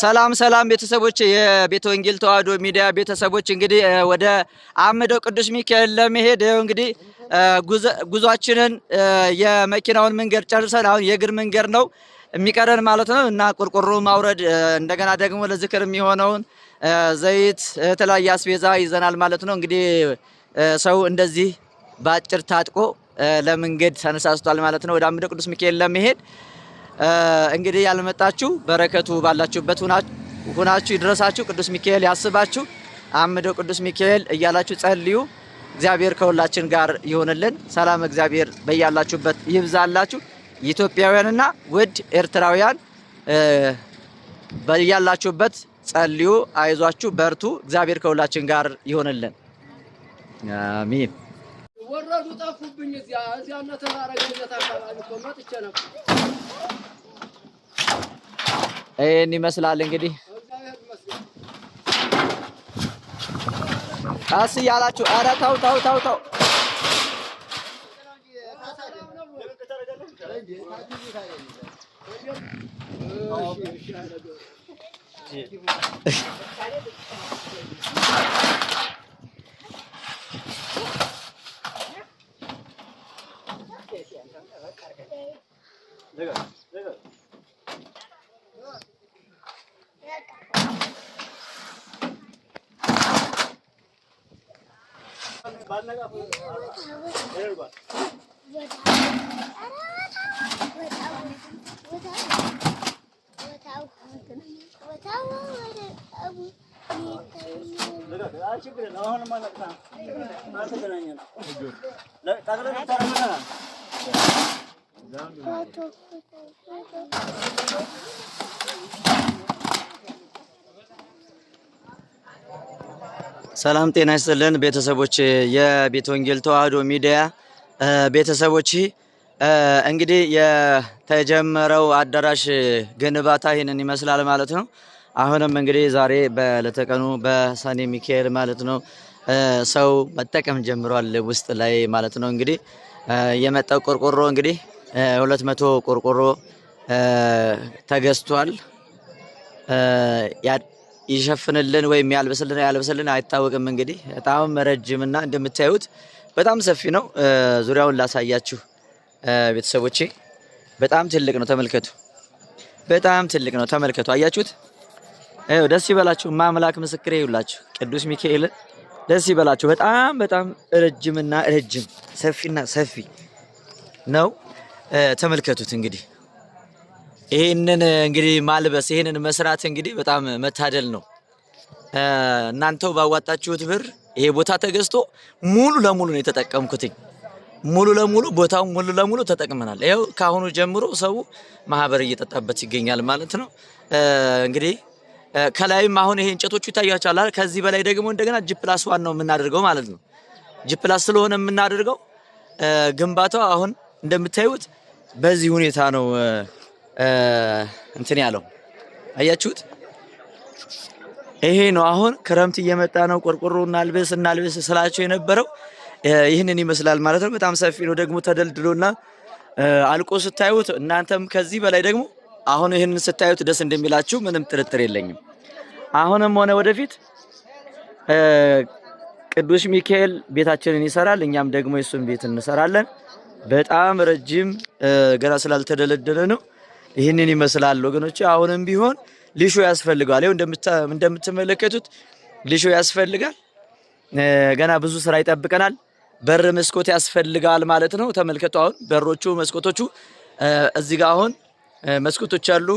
ሰላም ሰላም ቤተሰቦች፣ የቤተ ወንጌል ተዋህዶ ሚዲያ ቤተሰቦች እንግዲህ ወደ አምደው ቅዱስ ሚካኤል ለመሄድ ይኸው እንግዲህ ጉዟችንን የመኪናውን መንገድ ጨርሰን አሁን የእግር መንገድ ነው የሚቀረን ማለት ነው እና ቆርቆሮ ማውረድ እንደገና ደግሞ ለዝክር የሚሆነውን ዘይት፣ የተለያየ አስቤዛ ይዘናል ማለት ነው። እንግዲህ ሰው እንደዚህ በአጭር ታጥቆ ለመንገድ ተነሳስቷል ማለት ነው ወደ አምደው ቅዱስ ሚካኤል ለመሄድ እንግዲህ ያልመጣችሁ በረከቱ ባላችሁበት ሁናችሁ ይድረሳችሁ። ቅዱስ ሚካኤል ያስባችሁ። አምደው ቅዱስ ሚካኤል እያላችሁ ጸልዩ። እግዚአብሔር ከሁላችን ጋር ይሆንልን። ሰላም እግዚአብሔር በያላችሁበት ይብዛላችሁ። ኢትዮጵያውያንና ውድ ኤርትራውያን በያላችሁበት ጸልዩ። አይዟችሁ፣ በርቱ። እግዚአብሔር ከሁላችን ጋር ይሆንልን። አሚን በረዱ ጠፉብኝ። እዚያ እዚያ እና ተራረገነት አካባቢ እኮ መጥቼ ነበር። ይህን ይመስላል እንግዲህ ቀስ እያላችሁ ኧረ ተው ተው ተው ተው देखा देखा बाद लगा फिर बाद Thank you. ሰላም ጤና ይስጥልን ቤተሰቦች፣ የቤተ ወንጌል ተዋህዶ ሚዲያ ቤተሰቦች፣ እንግዲህ የተጀመረው አዳራሽ ግንባታ ይህንን ይመስላል ማለት ነው። አሁንም እንግዲህ ዛሬ በዕለተ ቀኑ በሰኔ ሚካኤል ማለት ነው ሰው መጠቀም ጀምሯል ውስጥ ላይ ማለት ነው። እንግዲህ የመጣው ቆርቆሮ እንግዲህ ሁለት መቶ ቆርቆሮ ተገዝቷል። ይሸፍንልን ወይም ያልብስልን ያልብስልን አይታወቅም። እንግዲህ በጣም ረጅምና እንደምታዩት በጣም ሰፊ ነው። ዙሪያውን ላሳያችሁ ቤተሰቦቼ፣ በጣም ትልቅ ነው። ተመልከቱ፣ በጣም ትልቅ ነው። ተመልከቱ፣ አያችሁት? ደስ ይበላችሁ። ማምላክ ምስክሬ ይውላችሁ፣ ቅዱስ ሚካኤል ደስ ይበላችሁ። በጣም በጣም ረጅምና ረጅም ሰፊና ሰፊ ነው። ተመልከቱት እንግዲህ ይህንን እንግዲህ ማልበስ ይህንን መስራት እንግዲህ በጣም መታደል ነው። እናንተው ባዋጣችሁት ብር ይሄ ቦታ ተገዝቶ ሙሉ ለሙሉ ነው የተጠቀምኩትኝ። ሙሉ ለሙሉ ቦታው ሙሉ ለሙሉ ተጠቅመናል። ይኸው ከአሁኑ ጀምሮ ሰው ማህበር እየጠጣበት ይገኛል ማለት ነው። እንግዲህ ከላይም አሁን ይሄ እንጨቶቹ ይታያቸዋል። ከዚህ በላይ ደግሞ እንደገና ጅፕላስ ዋን ነው የምናደርገው ማለት ነው። ጅፕላስ ስለሆነ የምናደርገው ግንባታው አሁን እንደምታዩት በዚህ ሁኔታ ነው እንትን ያለው አያችሁት። ይሄ ነው አሁን ክረምት እየመጣ ነው። ቆርቆሮ እናልብስ እናልብስ ስላቸው የነበረው ይህንን ይመስላል ማለት ነው። በጣም ሰፊ ነው ደግሞ ተደልድሎና አልቆ ስታዩት እናንተም ከዚህ በላይ ደግሞ አሁን ይህንን ስታዩት ደስ እንደሚላችሁ ምንም ጥርጥር የለኝም። አሁንም ሆነ ወደፊት ቅዱስ ሚካኤል ቤታችንን ይሰራል፣ እኛም ደግሞ የሱን ቤት እንሰራለን። በጣም ረጅም ገና ስላልተደለደለ ነው። ይህንን ይመስላል ወገኖች። አሁንም ቢሆን ሊሾ ያስፈልገዋል። ይኸው እንደምትመለከቱት ሊሾ ያስፈልጋል። ገና ብዙ ስራ ይጠብቀናል። በር መስኮት ያስፈልጋል ማለት ነው። ተመልከቱ። አሁን በሮቹ መስኮቶቹ እዚህ ጋር አሁን መስኮቶች አሉ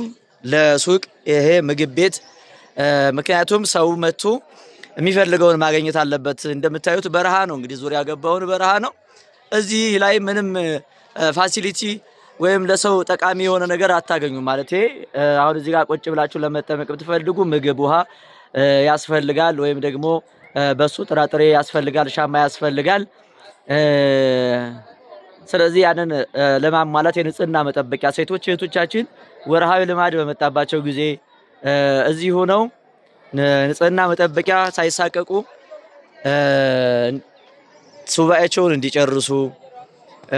ለሱቅ ይሄ ምግብ ቤት ምክንያቱም ሰው መጥቶ የሚፈልገውን ማግኘት አለበት። እንደምታዩት በረሃ ነው እንግዲህ ዙሪያ ገባውን በረሃ ነው። እዚህ ላይ ምንም ፋሲሊቲ ወይም ለሰው ጠቃሚ የሆነ ነገር አታገኙም። ማለት አሁን እዚህ ጋር ቁጭ ብላችሁ ለመጠመቅ ብትፈልጉ ምግብ፣ ውሃ ያስፈልጋል። ወይም ደግሞ በሱ ጥራጥሬ ያስፈልጋል፣ ሻማ ያስፈልጋል። ስለዚህ ያንን ለማሟላት የንጽህና መጠበቂያ ሴቶች እህቶቻችን ወርሃዊ ልማድ በመጣባቸው ጊዜ እዚህ ሆነው ንጽህና መጠበቂያ ሳይሳቀቁ ሱባኤቸውን እንዲጨርሱ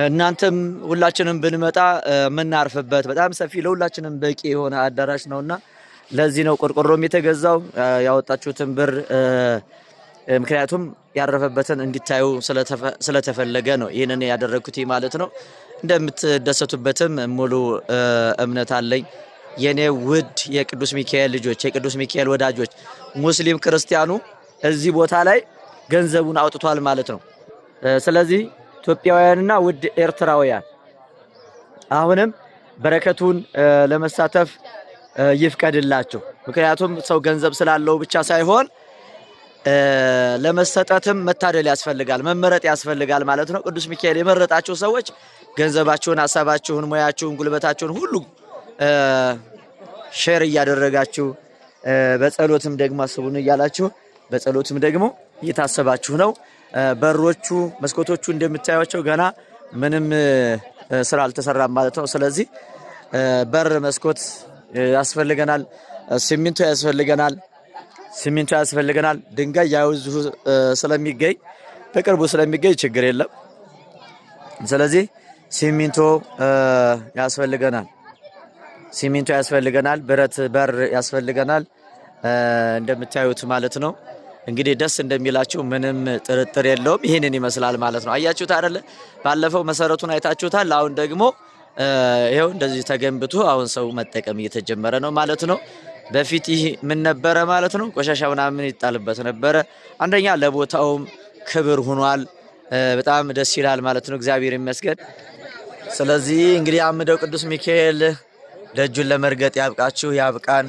እናንተም ሁላችንም ብንመጣ የምናርፍበት በጣም ሰፊ ለሁላችንም በቂ የሆነ አዳራሽ ነውና ለዚህ ነው ቆርቆሮም የተገዛው ያወጣችሁትን ብር ምክንያቱም ያረፈበትን እንዲታዩ ስለተፈለገ ነው ይህንን ያደረግኩት ማለት ነው። እንደምትደሰቱበትም ሙሉ እምነት አለኝ። የኔ ውድ የቅዱስ ሚካኤል ልጆች፣ የቅዱስ ሚካኤል ወዳጆች፣ ሙስሊም ክርስቲያኑ እዚህ ቦታ ላይ ገንዘቡን አውጥቷል ማለት ነው። ስለዚህ ኢትዮጵያውያንና ውድ ኤርትራውያን አሁንም በረከቱን ለመሳተፍ ይፍቀድላችሁ። ምክንያቱም ሰው ገንዘብ ስላለው ብቻ ሳይሆን ለመሰጠትም መታደል ያስፈልጋል፣ መመረጥ ያስፈልጋል ማለት ነው። ቅዱስ ሚካኤል የመረጣችሁ ሰዎች ገንዘባችሁን፣ ሀሳባችሁን፣ ሙያችሁን፣ ጉልበታችሁን ሁሉ ሼር እያደረጋችሁ በጸሎትም ደግሞ አስቡን እያላችሁ በጸሎትም ደግሞ እየታሰባችሁ ነው። በሮቹ መስኮቶቹ እንደምታያቸው ገና ምንም ስራ አልተሰራም ማለት ነው። ስለዚህ በር መስኮት ያስፈልገናል፣ ሲሚንቶ ያስፈልገናል፣ ሲሚንቶ ያስፈልገናል። ድንጋይ ያውዙ ስለሚገኝ በቅርቡ ስለሚገኝ ችግር የለም። ስለዚህ ሲሚንቶ ያስፈልገናል፣ ሲሚንቶ ያስፈልገናል፣ ብረት በር ያስፈልገናል እንደምታዩት ማለት ነው። እንግዲህ ደስ እንደሚላችሁ ምንም ጥርጥር የለውም። ይህንን ይመስላል ማለት ነው። አያችሁት አይደለ? ባለፈው መሰረቱን አይታችሁታል። አሁን ደግሞ ይኸው እንደዚህ ተገንብቶ አሁን ሰው መጠቀም እየተጀመረ ነው ማለት ነው። በፊት ይህ ምን ነበረ ማለት ነው፣ ቆሻሻ ምናምን ይጣልበት ነበረ። አንደኛ ለቦታውም ክብር ሆኗል። በጣም ደስ ይላል ማለት ነው። እግዚአብሔር ይመስገን። ስለዚህ እንግዲህ አምደው ቅዱስ ሚካኤል ደጁን ለመርገጥ ያብቃችሁ፣ ያብቃን።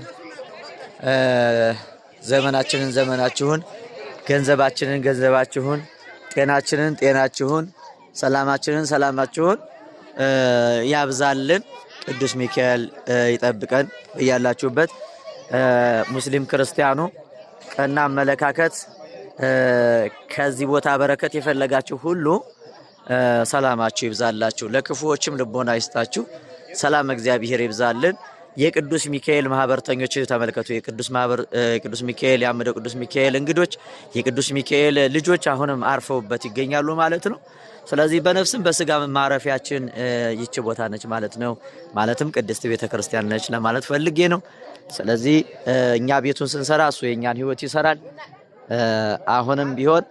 ዘመናችንን ዘመናችሁን፣ ገንዘባችንን ገንዘባችሁን፣ ጤናችንን ጤናችሁን፣ ሰላማችንን ሰላማችሁን ያብዛልን። ቅዱስ ሚካኤል ይጠብቀን። እያላችሁበት ሙስሊም ክርስቲያኑ ቀና አመለካከት ከዚህ ቦታ በረከት የፈለጋችሁ ሁሉ ሰላማችሁ ይብዛላችሁ፣ ለክፉዎችም ልቦና ይስጣችሁ። ሰላም እግዚአብሔር ይብዛልን። የቅዱስ ሚካኤል ማህበርተኞች ተመልከቱ። የቅዱስ ሚካኤል የአምደው ቅዱስ ሚካኤል እንግዶች፣ የቅዱስ ሚካኤል ልጆች አሁንም አርፈውበት ይገኛሉ ማለት ነው። ስለዚህ በነፍስም በስጋ ማረፊያችን ይቺ ቦታ ነች ማለት ነው። ማለትም ቅድስት ቤተ ክርስቲያን ነች ለማለት ፈልጌ ነው። ስለዚህ እኛ ቤቱን ስንሰራ እሱ የእኛን ህይወት ይሰራል። አሁንም ቢሆን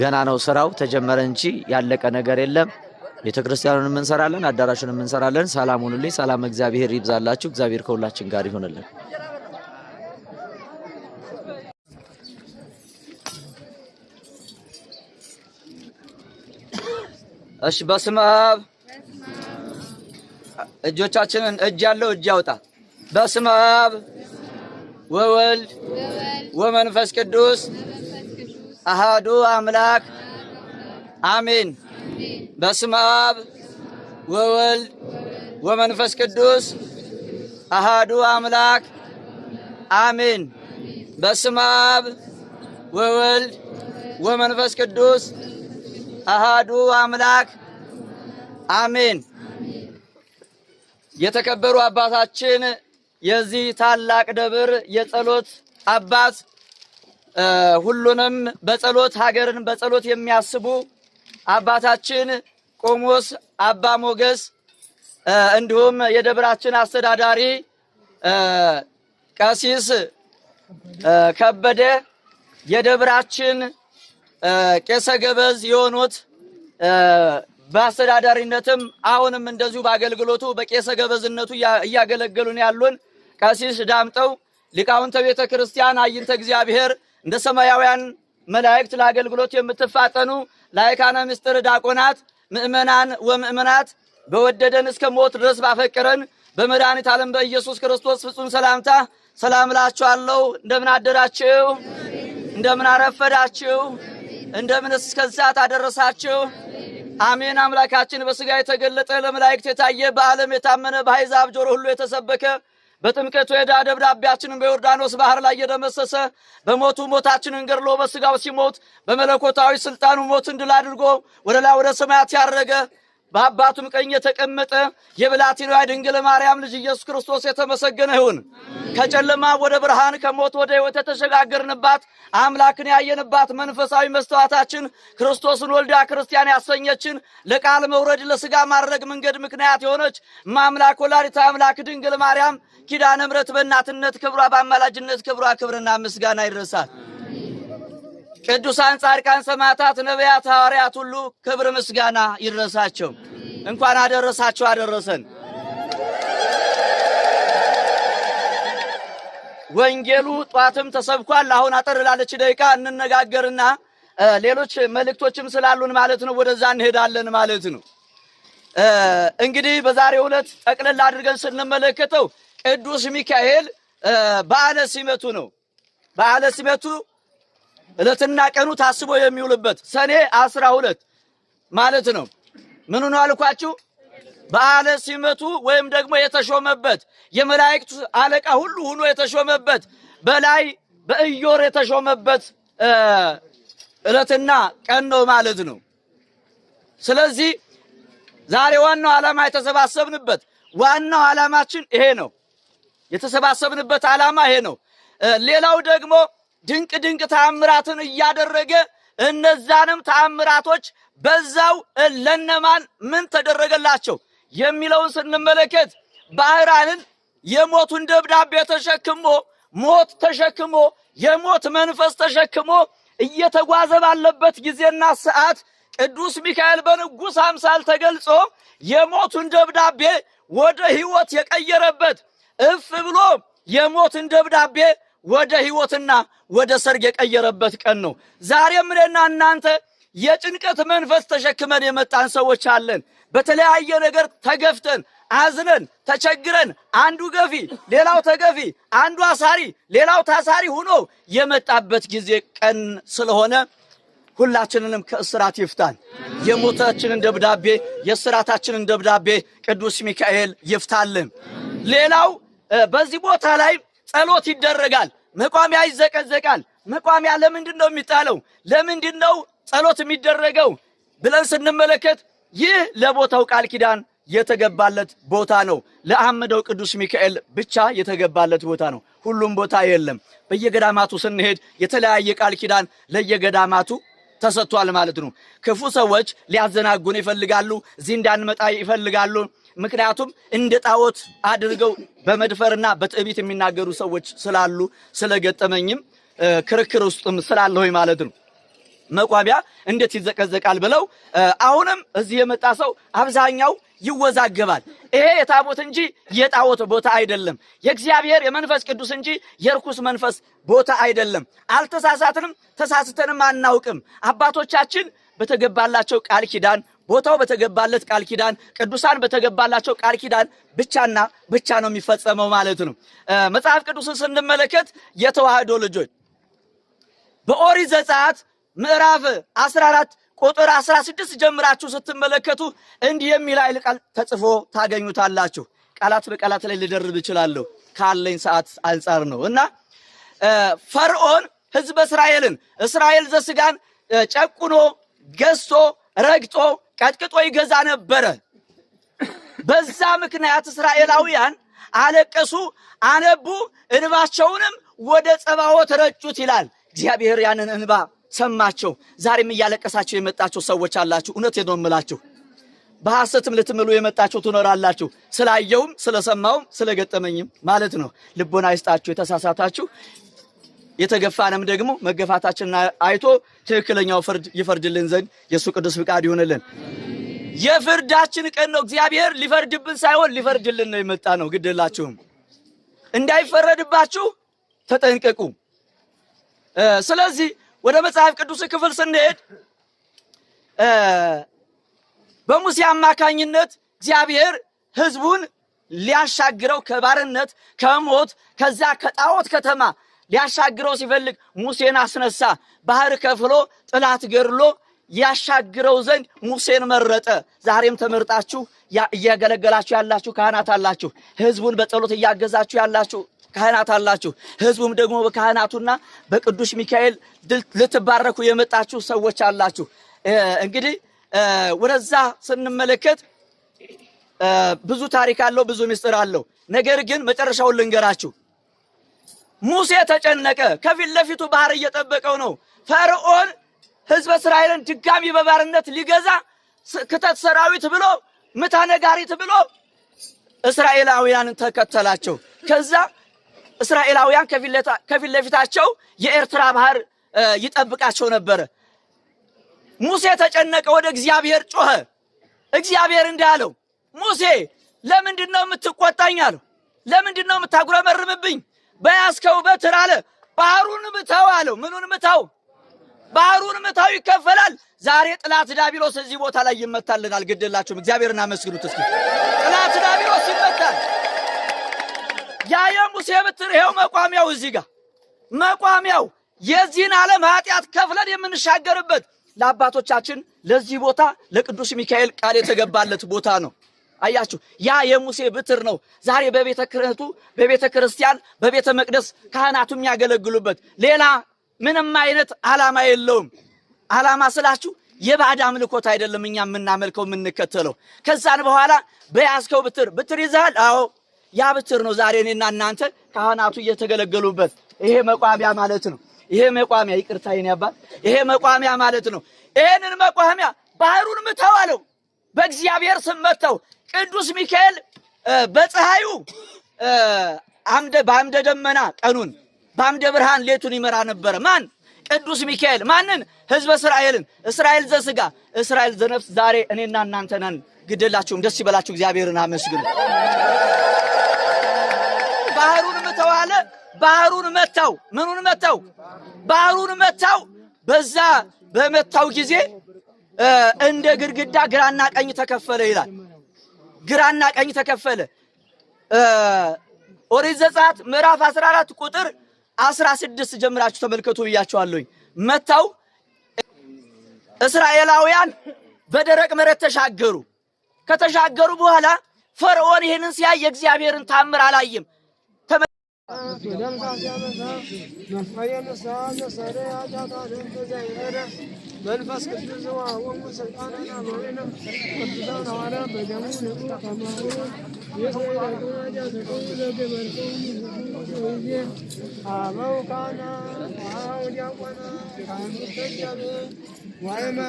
ገና ነው ስራው፣ ተጀመረ እንጂ ያለቀ ነገር የለም። ቤተ እንሰራለን፣ አዳራሹንም እንሰራለን። ሰላም ሁኑልኝ። ሰላም እግዚአብሔር ይብዛላችሁ። እግዚአብሔር ከሁላችን ጋር ይሆንልን። እሺ፣ በስመ አብ እጆቻችንን እጅ ያለው እጅ ያውጣ። በስመ አብ ወወልድ ወመንፈስ ቅዱስ አሃዱ አምላክ አሜን። በስመ አብ ወወልድ ወመንፈስ ቅዱስ አሃዱ አምላክ አሜን። በስመ አብ ወወልድ ወመንፈስ ቅዱስ አሃዱ አምላክ አሜን። የተከበሩ አባታችን የዚህ ታላቅ ደብር የጸሎት አባት ሁሉንም በጸሎት ሀገርን በጸሎት የሚያስቡ አባታችን ቆሞስ አባ ሞገስ እንዲሁም የደብራችን አስተዳዳሪ ቀሲስ ከበደ የደብራችን ቄሰ ገበዝ የሆኑት በአስተዳዳሪነትም አሁንም እንደዚሁ በአገልግሎቱ በቄሰ ገበዝነቱ እያገለገሉን ያሉን ቀሲስ ዳምጠው ሊቃውንተ ቤተ ክርስቲያን አይንተ እግዚአብሔር እንደ ሰማያውያን መላእክት ለአገልግሎት የምትፋጠኑ ላይካነ ምስጢር ዲያቆናት ምእመናን ወምእመናት በወደደን እስከ ሞት ድረስ ባፈቀረን በመድኃኒት ዓለም በኢየሱስ ክርስቶስ ፍጹም ሰላምታ ሰላም እላችኋለሁ። እንደምን አደራችሁ? እንደምን አረፈዳችሁ? እንደምን እስከዚህ ሰዓት አደረሳችሁ? አሜን። አምላካችን በስጋ የተገለጠ ለመላእክት የታየ በዓለም የታመነ በአሕዛብ ጆሮ ሁሉ የተሰበከ በጥምቀቱ የዳ ደብዳቤያችንን በዮርዳኖስ ባህር ላይ እየደመሰሰ በሞቱ ሞታችንን ገድሎ በስጋው ሲሞት በመለኮታዊ ስልጣኑ ሞትን ድል አድርጎ ወደ ላይ ወደ ሰማያት ያረገ በአባቱም ቀኝ የተቀመጠ የብላቴናዋ ድንግል ማርያም ልጅ ኢየሱስ ክርስቶስ የተመሰገነ ይሁን። ከጨለማ ወደ ብርሃን ከሞት ወደ ሕይወት የተሸጋገርንባት አምላክን ያየንባት መንፈሳዊ መስተዋታችን ክርስቶስን ወልዳ ክርስቲያን ያሰኘችን ለቃል መውረድ ለስጋ ማድረግ መንገድ ምክንያት የሆነች ማምላክ ወላዲተ አምላክ ድንግል ማርያም ኪዳነ ምሕረት በእናትነት ክብሯ በአማላጅነት ክብሯ ክብርና ምስጋና ይረሳል። ቅዱሳን ጻድቃን፣ ሰማዕታት፣ ነቢያት፣ ሐዋርያት ሁሉ ክብር ምስጋና ይድረሳቸው። እንኳን አደረሳቸው አደረሰን። ወንጌሉ ጧትም ተሰብኳል። አሁን አጠር ላለች ደቂቃ እንነጋገርና ሌሎች መልእክቶችም ስላሉን ማለት ነው ወደዛ እንሄዳለን ማለት ነው። እንግዲህ በዛሬው ዕለት ጠቅለል አድርገን ስንመለከተው ቅዱስ ሚካኤል በዓለ ሲመቱ ነው። በዓለ ሲመቱ እለትና ቀኑ ታስቦ የሚውልበት ሰኔ አስራ ሁለት ማለት ነው። ምን ነው አልኳችሁ? በዓለ ሲመቱ ወይም ደግሞ የተሾመበት የመላእክቱ አለቃ ሁሉ ሆኖ የተሾመበት በላይ በእዮር የተሾመበት እለትና ቀን ነው ማለት ነው። ስለዚህ ዛሬ ዋናው ዓላማ የተሰባሰብንበት ዋናው ዓላማችን ይሄ ነው። የተሰባሰብንበት ዓላማ ይሄ ነው። ሌላው ደግሞ ድንቅ ድንቅ ታምራትን እያደረገ እነዛንም ታምራቶች በዛው ለነማን ምን ተደረገላቸው የሚለውን ስንመለከት ባህራንን የሞቱን ደብዳቤ ተሸክሞ ሞት ተሸክሞ የሞት መንፈስ ተሸክሞ እየተጓዘ ባለበት ጊዜና ሰዓት ቅዱስ ሚካኤል በንጉሥ አምሳል ተገልጾ የሞቱን ደብዳቤ ወደ ሕይወት የቀየረበት እፍ ብሎ የሞትን ደብዳቤ ወደ ህይወትና ወደ ሰርግ የቀየረበት ቀን ነው። ዛሬም እኔና እናንተ የጭንቀት መንፈስ ተሸክመን የመጣን ሰዎች አለን። በተለያየ ነገር ተገፍተን አዝነን ተቸግረን አንዱ ገፊ ሌላው ተገፊ፣ አንዱ አሳሪ ሌላው ታሳሪ ሆኖ የመጣበት ጊዜ ቀን ስለሆነ ሁላችንንም ከእስራት ይፍታን። የሞታችንን ደብዳቤ የእስራታችንን ደብዳቤ ቅዱስ ሚካኤል ይፍታልን። ሌላው በዚህ ቦታ ላይ ጸሎት ይደረጋል። መቋሚያ ይዘቀዘቃል። መቋሚያ ለምንድን ነው የሚጣለው? ለምንድን ነው ጸሎት የሚደረገው ብለን ስንመለከት ይህ ለቦታው ቃል ኪዳን የተገባለት ቦታ ነው። ለአመደው ቅዱስ ሚካኤል ብቻ የተገባለት ቦታ ነው። ሁሉም ቦታ የለም። በየገዳማቱ ስንሄድ የተለያየ ቃል ኪዳን ለየገዳማቱ ተሰጥቷል ማለት ነው። ክፉ ሰዎች ሊያዘናጉን ይፈልጋሉ። እዚህ እንዳንመጣ ይፈልጋሉ። ምክንያቱም እንደ ጣዖት አድርገው በመድፈርና በትዕቢት የሚናገሩ ሰዎች ስላሉ ስለገጠመኝም ክርክር ውስጥም ስላለሁኝ ማለት ነው። መቋቢያ እንዴት ይዘቀዘቃል ብለው አሁንም እዚህ የመጣ ሰው አብዛኛው ይወዛገባል። ይሄ የታቦት እንጂ የጣዖት ቦታ አይደለም። የእግዚአብሔር የመንፈስ ቅዱስ እንጂ የርኩስ መንፈስ ቦታ አይደለም። አልተሳሳትንም፣ ተሳስተንም አናውቅም። አባቶቻችን በተገባላቸው ቃል ኪዳን ቦታው በተገባለት ቃል ኪዳን ቅዱሳን በተገባላቸው ቃል ኪዳን ብቻና ብቻ ነው የሚፈጸመው ማለት ነው። መጽሐፍ ቅዱስን ስንመለከት የተዋህዶ ልጆች በኦሪት ዘጸአት ምዕራፍ 14 ቁጥር 16 ጀምራችሁ ስትመለከቱ እንዲህ የሚል ኃይለ ቃል ተጽፎ ታገኙታላችሁ። ቃላት በቃላት ላይ ልደርብ እችላለሁ ካለኝ ሰዓት አንጻር ነው እና ፈርዖን ሕዝበ እስራኤልን እስራኤል ዘስጋን ጨቁኖ ገዝቶ ረግጦ ቀጥቅጦ ይገዛ ነበረ። በዛ ምክንያት እስራኤላውያን አለቀሱ፣ አነቡ፣ እንባቸውንም ወደ ጸባዖት ረጩት ይላል። እግዚአብሔር ያንን እንባ ሰማቸው። ዛሬም እያለቀሳቸው የመጣቸው ሰዎች አላችሁ። እውነት ነው የምላችሁ። በሐሰትም ልትምሉ የመጣቸው ትኖራላችሁ። ስላየውም ስለሰማውም ስለገጠመኝም ማለት ነው። ልቦና ይስጣችሁ የተሳሳታችሁ የተገፋንም ደግሞ መገፋታችንን አይቶ ትክክለኛው ፍርድ ይፈርድልን ዘንድ የእሱ ቅዱስ ፍቃድ ይሆንልን። የፍርዳችን ቀን ነው። እግዚአብሔር ሊፈርድብን ሳይሆን ሊፈርድልን ነው የመጣ ነው። ግድላችሁም እንዳይፈረድባችሁ ተጠንቀቁ። ስለዚህ ወደ መጽሐፍ ቅዱስ ክፍል ስንሄድ በሙሴ አማካኝነት እግዚአብሔር ህዝቡን ሊያሻግረው ከባርነት ከሞት ከዛ ከጣዖት ከተማ ሊያሻግረው ሲፈልግ ሙሴን አስነሳ። ባህር ከፍሎ ጥላት ገድሎ ያሻግረው ዘንድ ሙሴን መረጠ። ዛሬም ተመርጣችሁ እያገለገላችሁ ያላችሁ ካህናት አላችሁ። ህዝቡን በጸሎት እያገዛችሁ ያላችሁ ካህናት አላችሁ። ህዝቡም ደግሞ በካህናቱና በቅዱስ ሚካኤል ልትባረኩ የመጣችሁ ሰዎች አላችሁ። እንግዲህ ወደዛ ስንመለከት ብዙ ታሪክ አለው፣ ብዙ ምስጢር አለው። ነገር ግን መጨረሻውን ልንገራችሁ። ሙሴ ተጨነቀ። ከፊት ለፊቱ ባህር እየጠበቀው ነው። ፈርዖን ህዝበ እስራኤልን ድጋሚ በባርነት ሊገዛ ክተት ሰራዊት ብሎ ምታ ነጋሪት ብሎ እስራኤላውያንን ተከተላቸው። ከዛ እስራኤላውያን ከፊት ለፊታቸው የኤርትራ ባህር ይጠብቃቸው ነበረ። ሙሴ ተጨነቀ፣ ወደ እግዚአብሔር ጮኸ። እግዚአብሔር እንዳለው ሙሴ ለምንድን ነው የምትቆጣኝ? አለው። ለምንድን ነው የምታጉረመርምብኝ? በያዝከው በትር አለ ባህሩን ምተው አለው። ምኑን ምተው? ባህሩን ምተው ይከፈላል። ዛሬ ጥላት ዳቢሎስ እዚህ ቦታ ላይ ይመታልናል። ግድላችሁም እግዚአብሔርን አመስግኑት እስኪ። ጥላት ዳቢሎስ ይመታል። ያ የሙሴ ብትር ይኸው መቋሚያው እዚህ ጋር መቋሚያው የዚህን ዓለም ኃጢአት ከፍለን የምንሻገርበት ለአባቶቻችን ለዚህ ቦታ ለቅዱስ ሚካኤል ቃል የተገባለት ቦታ ነው። አያችሁ፣ ያ የሙሴ ብትር ነው። ዛሬ በቤተ ክህነቱ በቤተ ክርስቲያን በቤተ መቅደስ ካህናቱ የሚያገለግሉበት ሌላ ምንም አይነት ዓላማ የለውም። ዓላማ ስላችሁ የባዕድ አምልኮት አይደለም። እኛ የምናመልከው የምንከተለው ከዛን በኋላ በያዝከው ብትር ብትር ይዛል። አዎ ያ ብትር ነው። ዛሬ እኔና እናንተ ካህናቱ እየተገለገሉበት ይሄ መቋሚያ ማለት ነው። ይሄ መቋሚያ ይቅርታ፣ ያባል ይሄ መቋሚያ ማለት ነው። ይሄንን መቋሚያ ባህሩን ምተው አለው። በእግዚአብሔር ስም መጥተው ቅዱስ ሚካኤል በፀሐዩ አምደ በአምደ ደመና ቀኑን በአምደ ብርሃን ሌቱን ይመራ ነበረ። ማን? ቅዱስ ሚካኤል። ማንን? ህዝብ እስራኤልን። እስራኤል ዘስጋ፣ እስራኤል ዘነፍስ። ዛሬ እኔና እናንተ ነን። ግደላችሁም፣ ደስ ይበላችሁ፣ እግዚአብሔርን አመስግኑ። ባህሩን ምተዋለ ባህሩን መታው። ምኑን መታው? ባህሩን መታው። በዛ በመታው ጊዜ እንደ ግድግዳ ግራና ቀኝ ተከፈለ ይላል። ግራና ቀኝ ተከፈለ። ኦሪት ዘጸአት ምዕራፍ 14 ቁጥር 16 ጀምራችሁ ተመልከቱ ብያችኋለሁኝ። መታው እስራኤላውያን በደረቅ መሬት ተሻገሩ። ከተሻገሩ በኋላ ፈርዖን ይህንን ሲያይ የእግዚአብሔርን ታምር አላየም። መንፈስ ቅዱስ ወወልድ ወሰልጣንና ማለና ወጥዳና ዋና በደሙ ተቀማው የሰላማጃ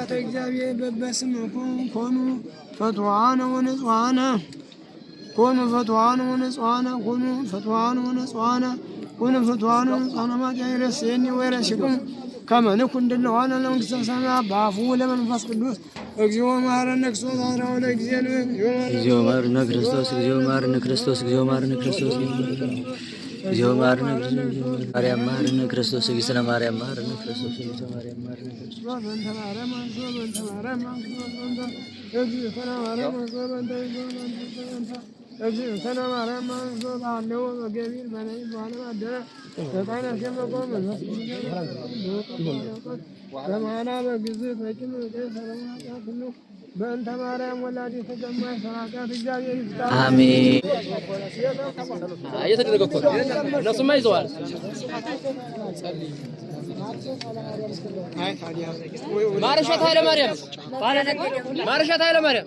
ተቆለ እግዚአብሔር በበስምኩም ኮኑ ፈትዋነ ወንጽዋነ ኮኑ ፈትዋነ ወንጽዋነ ኮኑ ፈትዋነ ወንጽዋነ ኮኑ ፈትዋነ ወንጽዋነ ማጃ ይረሴኒ ወይረሲኩም ከመንኩ እንድንሆነ ለመንግስተ ሰማያት በአፉ ለመንፈስ ቅዱስ እግዚኦ መሐረነ ክርስቶስ አስራ ሁለት እግዚኦ መሐረነ ክርስቶስ እግዚኦ መሐረነ ክርስቶስ እግዚኦ መሐረነ ክርስቶስ እግዚኦ መሐረነ ማርያም መሐረነ ክርስቶስ እግዚእነ ማርያም መሐረነ ክርስቶስ እግዚእነ ማርያም መሐረነ ክርስቶስ السلام على من صلى عنه وكبير من إبان مدنا ستانا شم قوم سمعنا بقزي فكم كسر በእንተ ማርያም ወላዲ ተገማሽ ሰራቃት እግዚአብሔር ይፍታ። አሜን። እየተደረገ እኮ እነሱማ ይዘዋል። ማረሻት ኃይለ ማርያም ማረሻት ኃይለ ማርያም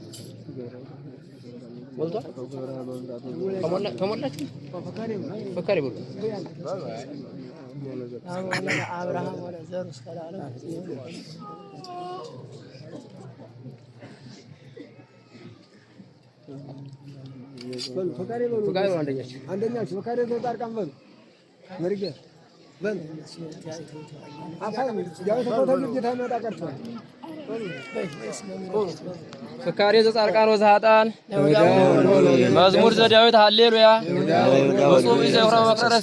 બોલતો કમોટલા છું ફકારી બોલું ફકારી બોલું ફકારી અંડે અંડે ફકારી તો તાર કામ બોલ મરી ગયા ፍካሬ ዘጻርቃን ወዛሃጣን መዝሙር ዘዳዊት ሃሌሉያ ወጹም ይዘፍራ ወቀረ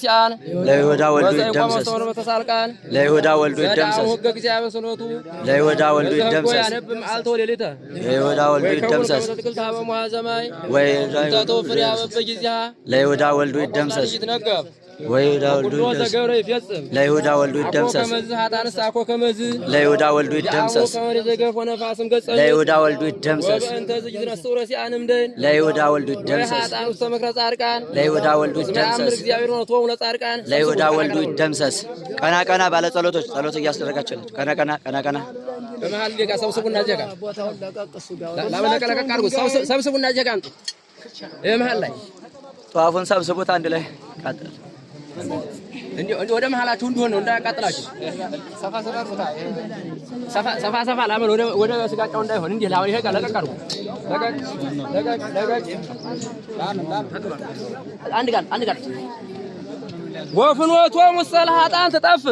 ለይሁዳ ወልዱ ይደምሰስ በተሳልቃን ለይሁዳ ወልዱ ይደምሰስ ሕገ እግዚአብሔር ስኖቱ ለይሁዳ ወልዱ ይደምሰስ ያነብ መዓልተ ወሌሊተ ለይሁዳ ወልዱ ይደምሰስ ወይዳ ወልዱ ይደምሰስ ወይዳ ወልዱ ይደምሰስ ለይሁዳ ወልዱ ይደምሰስ ለይሁዳ ወልዱ ይደምሰስ ለይሁዳ ወልዱ ይደምሰስ ለይሁዳ ወልዱ ይደምሰስ ለይሁዳ ወልዱ ይደምሰስ ለይሁዳ ወልዱ ይደምሰስ። ቀና ቀና ባለ ጸሎቶች ጸሎት እያስደረጋቸው ናቸው። ቀና ቀና ቀና ቀና ሰብስቡና አምጡ። ላይ ጠዋፉን ሰብስቡት አንድ ላይ እንዴ ወደ መሀላችሁ እንዲሆን ነው እንዳያቃጥላችሁ። ሰፋ ሰፋ ሰፋ ሰፋ ሰፋ ላምን ወደ ወደ ስጋጫው እንዳይሆን እንዴ ላ ይሄ ጋር ለቀቅ አድርጉ። አንድ ጋር አንድ ጋር ወፍኖቶ ሙሰል ሀጣን ትጠፍ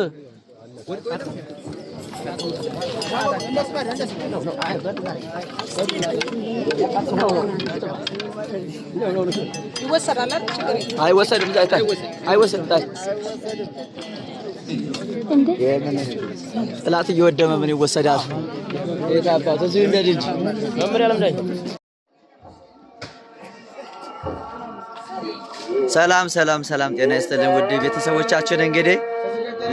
አይወሰድም። ጥላት እየወደመ ምን ይወሰዳል? እንደ ልጅ ሰላም ሰላም ሰላም፣ ጤና ይስጥልን ውድ ቤተሰቦቻችን እንግዲህ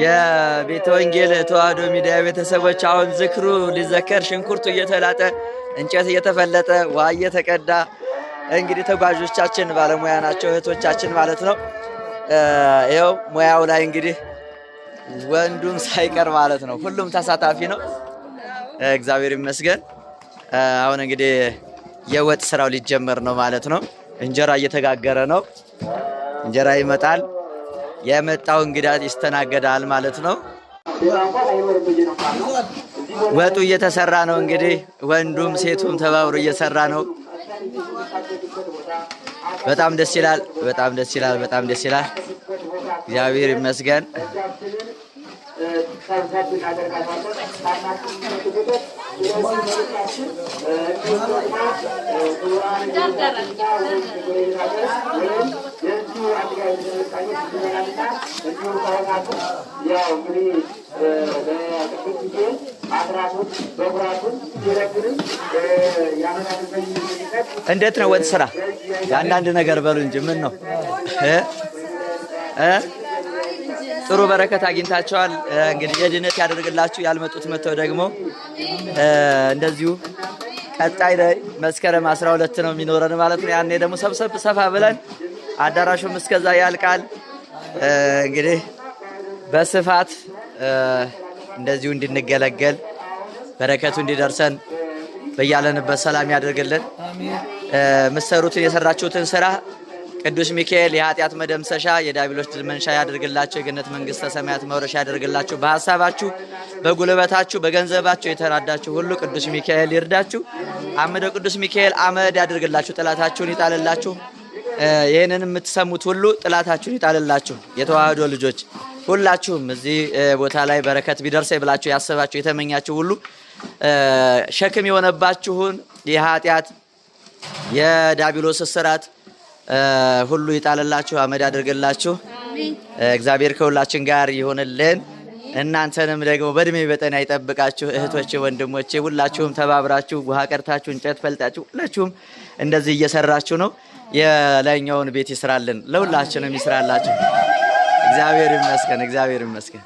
የቤተ ወንጌል ተዋህዶ ሚዲያ ቤተሰቦች አሁን ዝክሩ ሊዘከር ሽንኩርቱ እየተላጠ እንጨት እየተፈለጠ ውሃ እየተቀዳ እንግዲህ ተጓዦቻችን ባለሙያ ናቸው፣ እህቶቻችን ማለት ነው። ይኸው ሙያው ላይ እንግዲህ ወንዱም ሳይቀር ማለት ነው ሁሉም ተሳታፊ ነው። እግዚአብሔር ይመስገን። አሁን እንግዲህ የወጥ ስራው ሊጀመር ነው ማለት ነው። እንጀራ እየተጋገረ ነው። እንጀራ ይመጣል። የመጣው እንግዳ ይስተናገዳል ማለት ነው። ወጡ እየተሰራ ነው እንግዲህ ወንዱም ሴቱም ተባብሮ እየሰራ ነው። በጣም ደስ ይላል። በጣም ደስ ይላል። በጣም ደስ ይላል። እግዚአብሔር ይመስገን። እንዴት ነው ወጥ ስራ የአንዳንድ ነገር በሉ እንጂ ምን ነው ጥሩ በረከት አግኝታቸዋል። እንግዲህ የድነት ያደርግላችሁ። ያልመጡት መጥተው ደግሞ እንደዚሁ ቀጣይ ላይ መስከረም 12 ነው የሚኖረን ማለት ነው። ያኔ ደግሞ ሰብሰብ ሰፋ ብለን አዳራሹም እስከዛ ያልቃል። እንግዲህ በስፋት እንደዚሁ እንድንገለገል በረከቱ እንዲደርሰን በያለንበት ሰላም ያደርግልን። የምትሰሩትን የሰራችሁትን ስራ ቅዱስ ሚካኤል የኃጢአት መደምሰሻ የዳቢሎች ድል መንሻ ያደርግላቸው የገነት መንግስተ ሰማያት መውረሻ ያደርግላችሁ። በሀሳባችሁ፣ በጉልበታችሁ፣ በገንዘባችሁ የተራዳችሁ ሁሉ ቅዱስ ሚካኤል ይርዳችሁ። አምደ ቅዱስ ሚካኤል አመድ ያደርግላችሁ። ጠላታችሁን ይጣልላችሁ። ይህንን የምትሰሙት ሁሉ ጥላታችሁን ይጣልላችሁ። የተዋህዶ ልጆች ሁላችሁም እዚህ ቦታ ላይ በረከት ቢደርሰኝ ብላችሁ ያሰባችሁ የተመኛችሁ ሁሉ ሸክም የሆነባችሁን የኃጢአት የዳቢሎስ እስራት ሁሉ ይጣልላችሁ፣ አመድ አድርግላችሁ። እግዚአብሔር ከሁላችን ጋር ይሆንልን። እናንተንም ደግሞ በእድሜ በጤና ይጠብቃችሁ። እህቶቼ፣ ወንድሞቼ ሁላችሁም ተባብራችሁ ውሃ ቀርታችሁ እንጨት ፈልጣችሁ ሁላችሁም እንደዚህ እየሰራችሁ ነው። የላይኛውን ቤት ይስራልን፣ ለሁላችንም ይስራላችሁ። እግዚአብሔር ይመስገን፣ እግዚአብሔር ይመስገን።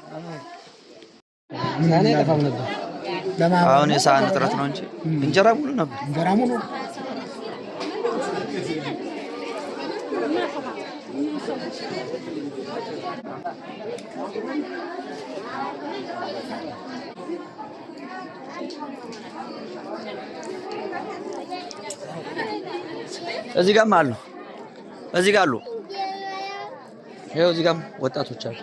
አሁን የሰሃን እጥረት ነው እንጂ እንጀራ ሙሉ ነበር። እንጀራ ሙሉ እዚህ ጋም አሉ። እዚህ ጋ አሉ። ይኸው እዚህ ጋም ወጣቶች አሉ።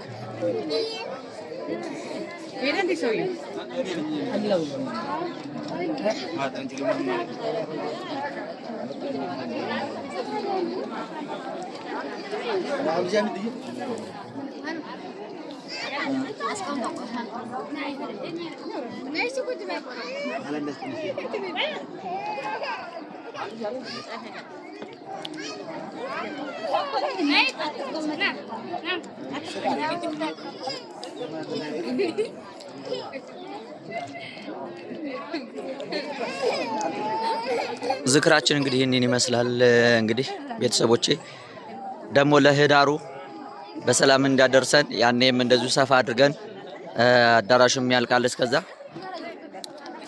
ዝክራችን እንግዲህ ይህንን ይመስላል። እንግዲህ ቤተሰቦቼ ደግሞ ለህዳሩ በሰላም እንዳደርሰን ያኔም እንደዚሁ ሰፋ አድርገን አዳራሹም ያልቃል። እስከዛ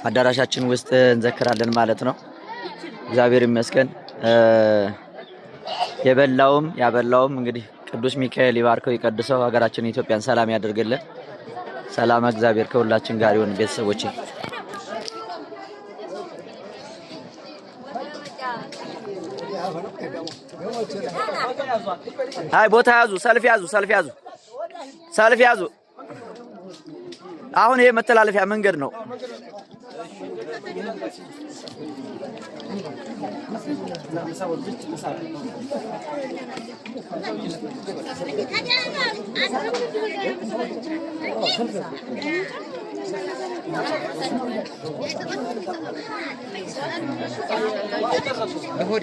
አዳራሻችን ውስጥ እንዘክራለን ማለት ነው። እግዚአብሔር ይመስገን። የበላውም ያበላውም እንግዲህ ቅዱስ ሚካኤል ይባርከው ይቀድሰው፣ ሀገራችን ኢትዮጵያን ሰላም ያደርግልን። ሰላም እግዚአብሔር ከሁላችን ጋር ይሁን። ቤተሰቦች አይ ቦታ ያዙ፣ ሰልፍ ያዙ፣ ሰልፍ ያዙ፣ ሰልፍ ያዙ። አሁን ይሄ መተላለፊያ መንገድ ነው። ለሆድ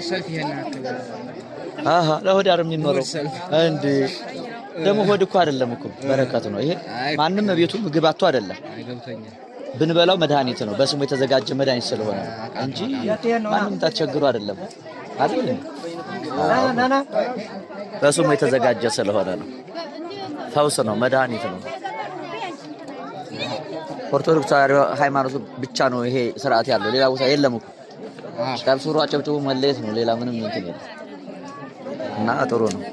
ሰልፍ የሚኖረው ደግሞ ሆድ እኮ አይደለም እኮ በረከት ነው ይሄ። ማንም ቤቱ ምግብ አጥቶ አይደለም ብንበላው መድኃኒት ነው። በስሙ የተዘጋጀ መድኃኒት ስለሆነ እንጂ ማንም ታስቸግሩ አይደለም በስሙ የተዘጋጀ ስለሆነ ነው። ፈውስ ነው፣ መድኃኒት ነው። ኦርቶዶክስ ሃይማኖቱ ብቻ ነው ይሄ ስርዓት ያለው፣ ሌላ ቦታ የለም እኮ ቀብሱሮ አጨብጭቡ መለየት ነው። ሌላ ምንም እንትን የለም እና ጥሩ ነው።